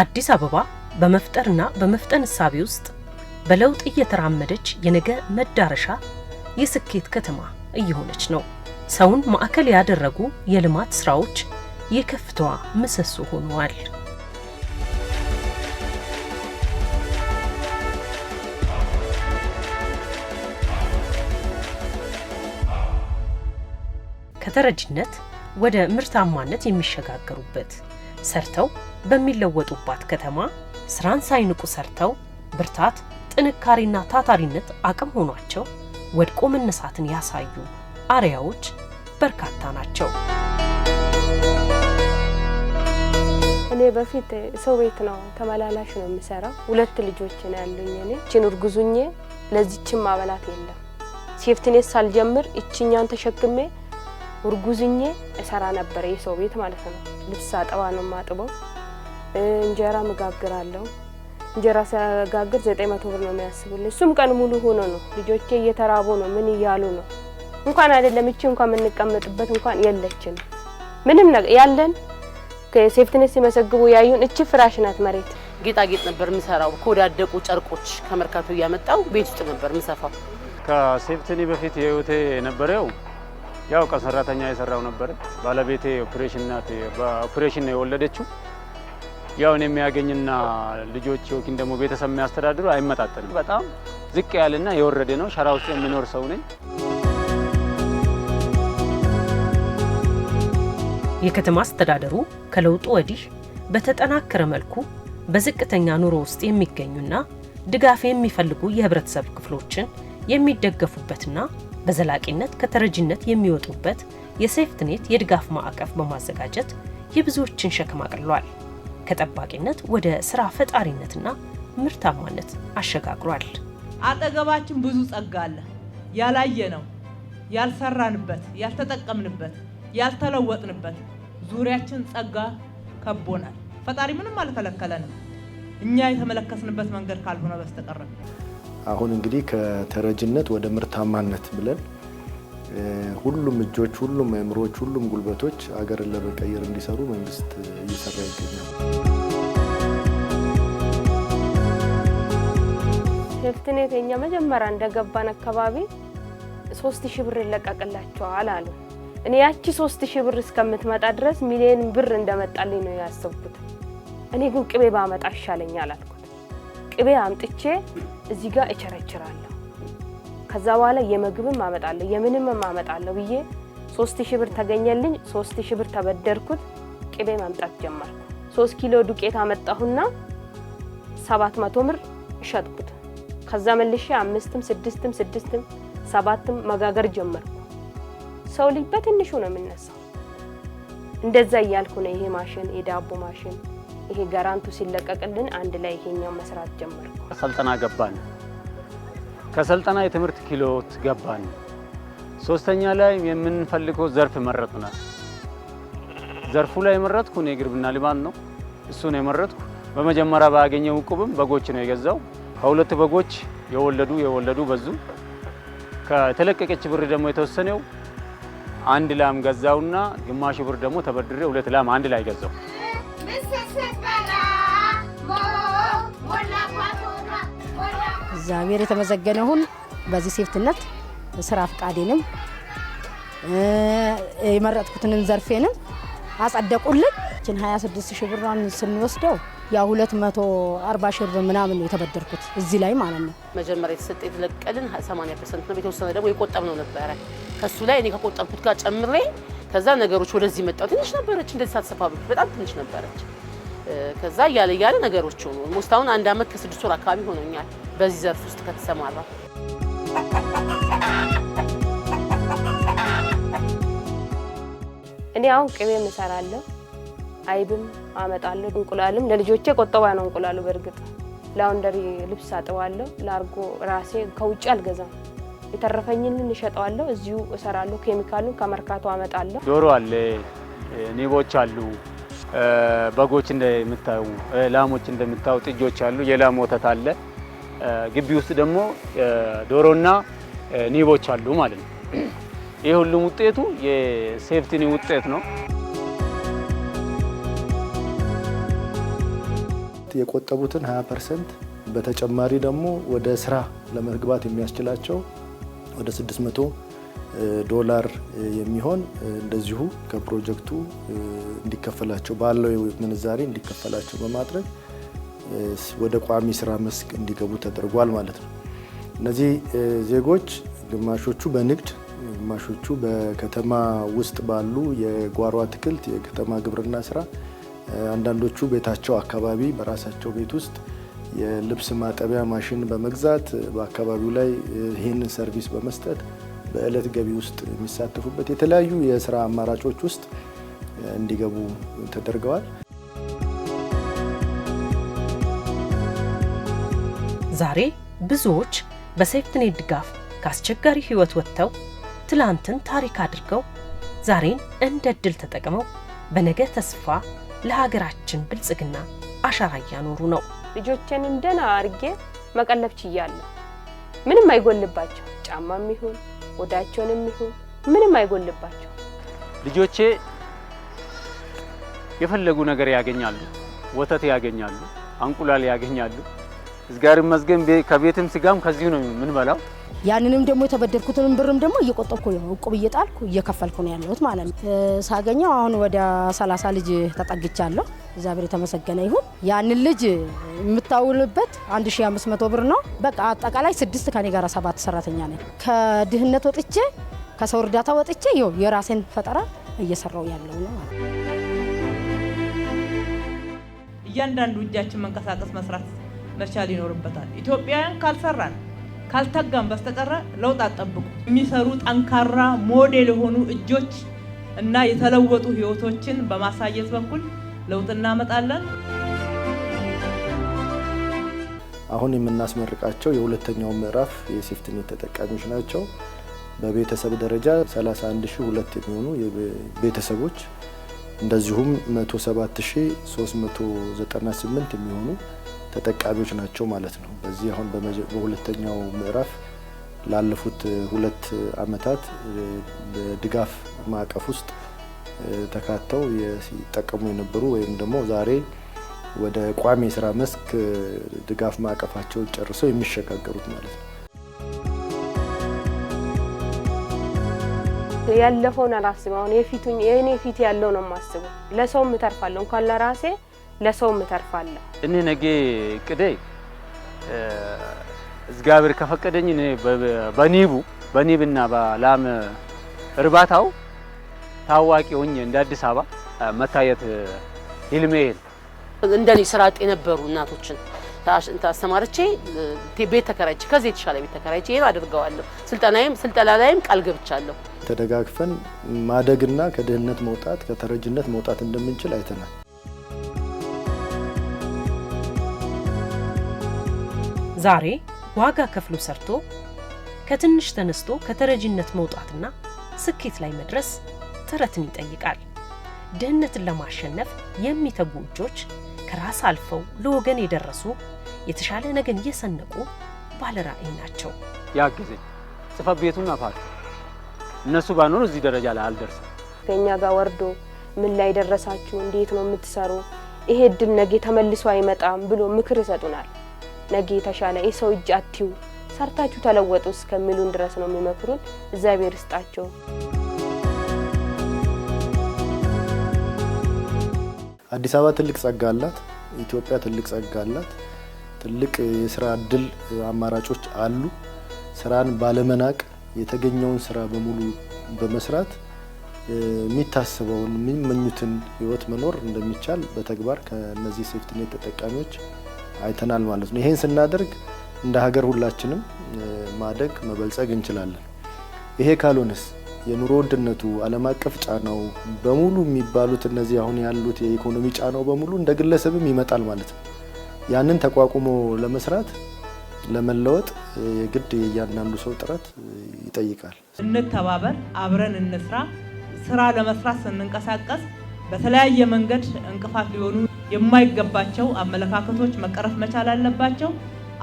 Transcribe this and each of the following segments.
አዲስ አበባ በመፍጠርና በመፍጠን እሳቤ ውስጥ በለውጥ እየተራመደች የነገ መዳረሻ የስኬት ከተማ እየሆነች ነው። ሰውን ማዕከል ያደረጉ የልማት ስራዎች የከፍታዋ ምሰሶ ሆነዋል። ከተረጅነት ወደ ምርታማነት የሚሸጋገሩበት ሰርተው በሚለወጡባት ከተማ ስራን ሳይንቁ ሰርተው ብርታት፣ ጥንካሬና ታታሪነት አቅም ሆኗቸው ወድቆ መነሳትን ያሳዩ አርያዎች በርካታ ናቸው። እኔ በፊት ሰው ቤት ነው ተመላላሽ ነው የምሰራው። ሁለት ልጆች ነው ያሉኝ። እኔ እችን እርጉዙኜ ለዚችን ማበላት የለም ሴፍትኔት ሳልጀምር እችኛን ተሸክሜ እርጉዝኜ እሰራ ነበረ። የሰው ቤት ማለት ነው። ልብስ አጠባ ነው ማጥበው እንጀራ መጋግራለሁ። እንጀራ ሲያጋግር ዘጠኝ መቶ ብር ነው የሚያስብልኝ። እሱም ቀን ሙሉ ሆኖ ነው። ልጆቼ እየተራቡ ነው። ምን እያሉ ነው? እንኳን አይደለም እቺ እንኳን የምንቀመጥበት እንኳን የለችም። ምንም ነገር ያለን ሴፍትኔት ሲመሰግቡ ያዩን እቺ ፍራሽ ናት። መሬት ጌጣጌጥ ነበር የምሰራው። ከወዳደቁ ጨርቆች ከመርካቶ እያመጣው ቤት ውስጥ ነበር የምሰፋው። ከሴፍትኔ በፊት የህይወቴ የነበረው ያው ቀን ሰራተኛ የሰራው ነበር። ባለቤቴ ኦፕሬሽን ናት። በኦፕሬሽን ነው የወለደችው ያው እኔ የሚያገኝና ልጆች ወኪን ደግሞ ቤተሰብ የሚያስተዳድሩ አይመጣጠንም። በጣም ዝቅ ያለና የወረደ ነው። ሸራ ውስጥ የሚኖር ሰው ነኝ። የከተማ አስተዳደሩ ከለውጡ ወዲህ በተጠናከረ መልኩ በዝቅተኛ ኑሮ ውስጥ የሚገኙና ድጋፍ የሚፈልጉ የህብረተሰብ ክፍሎችን የሚደገፉበትና በዘላቂነት ከተረጂነት የሚወጡበት የሴፍትኔት የድጋፍ ማዕቀፍ በማዘጋጀት የብዙዎችን ሸክም አቅሏል። ከጠባቂነት ወደ ስራ ፈጣሪነትና ምርታማነት አሸጋግሯል። አጠገባችን ብዙ ጸጋ አለ። ያላየነው፣ ያልሰራንበት፣ ያልተጠቀምንበት፣ ያልተለወጥንበት ዙሪያችን ጸጋ ከቦናል። ፈጣሪ ምንም አልከለከለንም እኛ የተመለከትንበት መንገድ ካልሆነ በስተቀር። አሁን እንግዲህ ከተረጅነት ወደ ምርታማነት ብለን ሁሉም እጆች፣ ሁሉም አእምሮች፣ ሁሉም ጉልበቶች አገርን ለመቀየር እንዲሰሩ መንግስት እየሰራ ይገኛል። በፍትኔት የኛ መጀመሪያ እንደገባን አካባቢ ሶስት ሺህ ብር ይለቀቅላቸዋል አሉ። እኔ ያቺ ሶስት ሺህ ብር እስከምትመጣ ድረስ ሚሊዮን ብር እንደመጣልኝ ነው ያሰብኩት። እኔ ግን ቅቤ ባመጣ ይሻለኛል አልኩት። ቅቤ አምጥቼ እዚህ ጋር እቸረችራለሁ፣ ከዛ በኋላ የምግብም አመጣለሁ የምንምም አመጣለሁ ብዬ ሶስት ሺህ ብር ተገኘልኝ። ሶስት ሺህ ብር ተበደርኩት። ቅቤ ማምጣት ጀመርኩ። ሶስት ኪሎ ዱቄት አመጣሁና ሰባት መቶ ብር እሸጥኩት። ከዛ መልሼ አምስትም ስድስትም ስድስትም ሰባትም መጋገር ጀመርኩ። ሰው ልጅ በትንሹ ነው የምነሳው። እንደዛ እያልኩ ነው ይሄ ማሽን የዳቦ ማሽን ይሄ ጋራንቱ ሲለቀቅልን አንድ ላይ ይሄኛው መስራት ጀመርኩ። ከሰልጠና ገባን። ከሰልጠና የትምህርት ክህሎት ገባን። ሶስተኛ ላይ የምንፈልገው ዘርፍ መረጥናል። ዘርፉ ላይ የመረጥኩ እኔ ግርብና ሊባን ነው፣ እሱን የመረጥኩ። በመጀመሪያ ባገኘው ዕቁብም በጎች ነው የገዛው። ከሁለት በጎች የወለዱ የወለዱ በዙ። ከተለቀቀች ብር ደግሞ የተወሰነው አንድ ላም ገዛውና ግማሽ ብር ደግሞ ተበድሬ ሁለት ላም አንድ ላይ ገዛው። እግዚአብሔር የተመዘገነሁን በዚህ ሴፍትነት ስራ ፈቃዴንም የመረጥኩትንን ዘርፌንም አጸደቁልን። ቤታችን 26 ሺህ ብሯን ስንወስደው ያ 240 ሺህ ብር ምናምን ነው የተበደርኩት እዚህ ላይ ማለት ነው። መጀመሪያ የተሰጠ የተለቀልን 80 ፐርሰንት ነው። የተወሰነ ደግሞ የቆጠብነው ነበረ። ከሱ ላይ እኔ ከቆጠብኩት ጋር ጨምሬ ከዛ ነገሮች ወደዚህ መጣው። ትንሽ ነበረች እንደዚህ ሳትሰፋ በጣም ትንሽ ነበረች። ከዛ እያለ እያለ ነገሮች ሆኑ። ሞስት አሁን አንድ አመት ከስድስት ወር አካባቢ ሆኖኛል በዚህ ዘርፍ ውስጥ ከተሰማራ። እኔ አሁን ቅቤ እሰራለሁ አይብም አመጣለሁ። እንቁላልም ለልጆቼ ቆጠባ ነው እንቁላሉ። በእርግጥ ላውንደሪ ልብስ አጥባለሁ። ላርጎ ራሴ ከውጭ አልገዛም። የተረፈኝን እሸጠዋለሁ፣ እዚሁ እሰራለሁ። ኬሚካሉን ከመርካቶ አመጣለሁ። ዶሮ አለ፣ ኒቦች አሉ፣ በጎች እንደምታዩ፣ ላሞች እንደምታዩ፣ ጥጆች አሉ፣ የላም ወተት አለ። ግቢ ውስጥ ደግሞ ዶሮና ኒቦች አሉ ማለት ነው። ይህ ሁሉም ውጤቱ የሴፍቲኒ ውጤት ነው። የቆጠቡትን 20 ፐርሰንት በተጨማሪ ደግሞ ወደ ስራ ለመግባት የሚያስችላቸው ወደ 600 ዶላር የሚሆን እንደዚሁ ከፕሮጀክቱ እንዲከፈላቸው ባለው ምንዛሬ እንዲከፈላቸው በማድረግ ወደ ቋሚ ስራ መስክ እንዲገቡ ተደርጓል ማለት ነው። እነዚህ ዜጎች ግማሾቹ በንግድ ግማሾቹ በከተማ ውስጥ ባሉ የጓሮ አትክልት የከተማ ግብርና ስራ አንዳንዶቹ ቤታቸው አካባቢ በራሳቸው ቤት ውስጥ የልብስ ማጠቢያ ማሽን በመግዛት በአካባቢው ላይ ይህንን ሰርቪስ በመስጠት በእለት ገቢ ውስጥ የሚሳተፉበት የተለያዩ የስራ አማራጮች ውስጥ እንዲገቡ ተደርገዋል። ዛሬ ብዙዎች በሴፍትኔት ድጋፍ ከአስቸጋሪ ህይወት ወጥተው ትላንትን ታሪክ አድርገው ዛሬን እንደ እድል ተጠቅመው በነገ ተስፋ ለሀገራችን ብልጽግና አሻራ እያኖሩ ነው። ልጆቼን እንደና አርጌ መቀለብ ችያለሁ። ምንም አይጎልባቸው፣ ጫማም ይሁን ወዳቸውንም ይሁን ምንም አይጎልባቸው። ልጆቼ የፈለጉ ነገር ያገኛሉ። ወተት ያገኛሉ፣ አንቁላል ያገኛሉ። እዚጋር መዝገን ከቤትም ስጋም ከዚሁ ነው የምንበላው። ያንንም ደግሞ የተበደርኩትንም ብርም ደግሞ እየቆጠብኩ እቁብ እየጣልኩ እየከፈልኩ ነው ያለሁት ማለት ነው። ሳገኘው አሁን ወደ 30 ልጅ ተጠግቻለሁ። እግዚአብሔር የተመሰገነ ይሁን። ያንን ልጅ የምታውልበት 1500 ብር ነው። በቃ አጠቃላይ ስድስት ከኔ ጋር ሰባት ሰራተኛ ነኝ። ከድህነት ወጥቼ ከሰው እርዳታ ወጥቼ ይኸው የራሴን ፈጠራ እየሰራው ያለው ነው። እያንዳንዱ እጃችን መንቀሳቀስ መስራት መቻል ይኖርበታል። ኢትዮጵያውያን ካልሰራን ካልተጋም በስተቀረ ለውጥ አጠብቁ። የሚሰሩ ጠንካራ ሞዴል የሆኑ እጆች እና የተለወጡ ህይወቶችን በማሳየት በኩል ለውጥ እናመጣለን። አሁን የምናስመርቃቸው የሁለተኛው ምዕራፍ የሴፍትኔት ተጠቃሚዎች ናቸው። በቤተሰብ ደረጃ 31002 የሚሆኑ ቤተሰቦች እንደዚሁም 107398 የሚሆኑ ተጠቃሚዎች ናቸው ማለት ነው። በዚህ አሁን በሁለተኛው ምዕራፍ ላለፉት ሁለት ዓመታት በድጋፍ ማዕቀፍ ውስጥ ተካተው ሲጠቀሙ የነበሩ ወይም ደግሞ ዛሬ ወደ ቋሚ የስራ መስክ ድጋፍ ማዕቀፋቸውን ጨርሰው የሚሸጋገሩት ማለት ነው። ያለፈውን አላስብ። አሁን የፊቱ የእኔ ፊት ያለው ነው የማስበው። ለሰውም እተርፋለሁ እንኳን ለራሴ ለሰውም እተርፋለሁ። እኔ ነገ ቅዴ እግዚአብሔር ከፈቀደኝ በኒቡ በኒብና በላም እርባታው ታዋቂ ሆኜ እንደ አዲስ አበባ መታየት ህልሜ ይሄን እንደኔ ስራ አጥ የነበሩ እናቶችን ታስተማርቼ ቤት ተከራይቼ ከዚህ የተሻለ ቤት ተከራይቼ ይሄን አድርገዋለሁ። ስልጠናዬም ስልጠና ላይም ቃል ገብቻለሁ። ተደጋግፈን ማደግና ከድህነት መውጣት ከተረጅነት መውጣት እንደምንችል አይተናል። ዛሬ ዋጋ ከፍሎ ሰርቶ ከትንሽ ተነስቶ ከተረጂነት መውጣትና ስኬት ላይ መድረስ ጥረትን ይጠይቃል። ድህነትን ለማሸነፍ የሚተጉ እጆች ከራስ አልፈው ለወገን የደረሱ የተሻለ ነገን እየሰነቁ ባለራዕይ ናቸው። ያ ጊዜ ቤቱና ፓርቲ እነሱ ባይኖሩ እዚህ ደረጃ ላይ አልደርስም። ከእኛ ጋር ወርዶ ምን ላይ ደረሳችሁ? እንዴት ነው የምትሰሩ? ይሄ እድል ነገ ተመልሶ አይመጣም ብሎ ምክር ይሰጡናል። ነገ የተሻለ የሰው እጅ አትዩ፣ ሰርታችሁ ተለወጡ እስከሚሉን ድረስ ነው የሚመክሩን። እግዚአብሔር ይስጣቸው። አዲስ አበባ ትልቅ ጸጋ አላት። ኢትዮጵያ ትልቅ ጸጋ አላት። ትልቅ የስራ እድል አማራጮች አሉ። ስራን ባለመናቅ የተገኘውን ስራ በሙሉ በመስራት የሚታስበውን የሚመኙትን ህይወት መኖር እንደሚቻል በተግባር ከነዚህ ሴፍትኔት ተጠቃሚዎች አይተናል ማለት ነው። ይሄን ስናደርግ እንደ ሀገር ሁላችንም ማደግ መበልጸግ እንችላለን። ይሄ ካልሆነስ የኑሮ ውድነቱ ዓለም አቀፍ ጫናው በሙሉ የሚባሉት እነዚህ አሁን ያሉት የኢኮኖሚ ጫናው በሙሉ እንደ ግለሰብም ይመጣል ማለት ነው። ያንን ተቋቁሞ ለመስራት ለመለወጥ የግድ የእያንዳንዱ ሰው ጥረት ይጠይቃል። እንተባበር፣ አብረን እንስራ። ስራ ለመስራት ስንንቀሳቀስ በተለያየ መንገድ እንቅፋት ሊሆኑ የማይገባቸው አመለካከቶች መቀረፍ መቻል አለባቸው።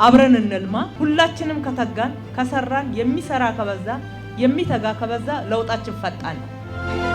አብረን እንልማ። ሁላችንም ከተጋን፣ ከሰራን፣ የሚሰራ ከበዛ፣ የሚተጋ ከበዛ ለውጣችን ፈጣን ነው።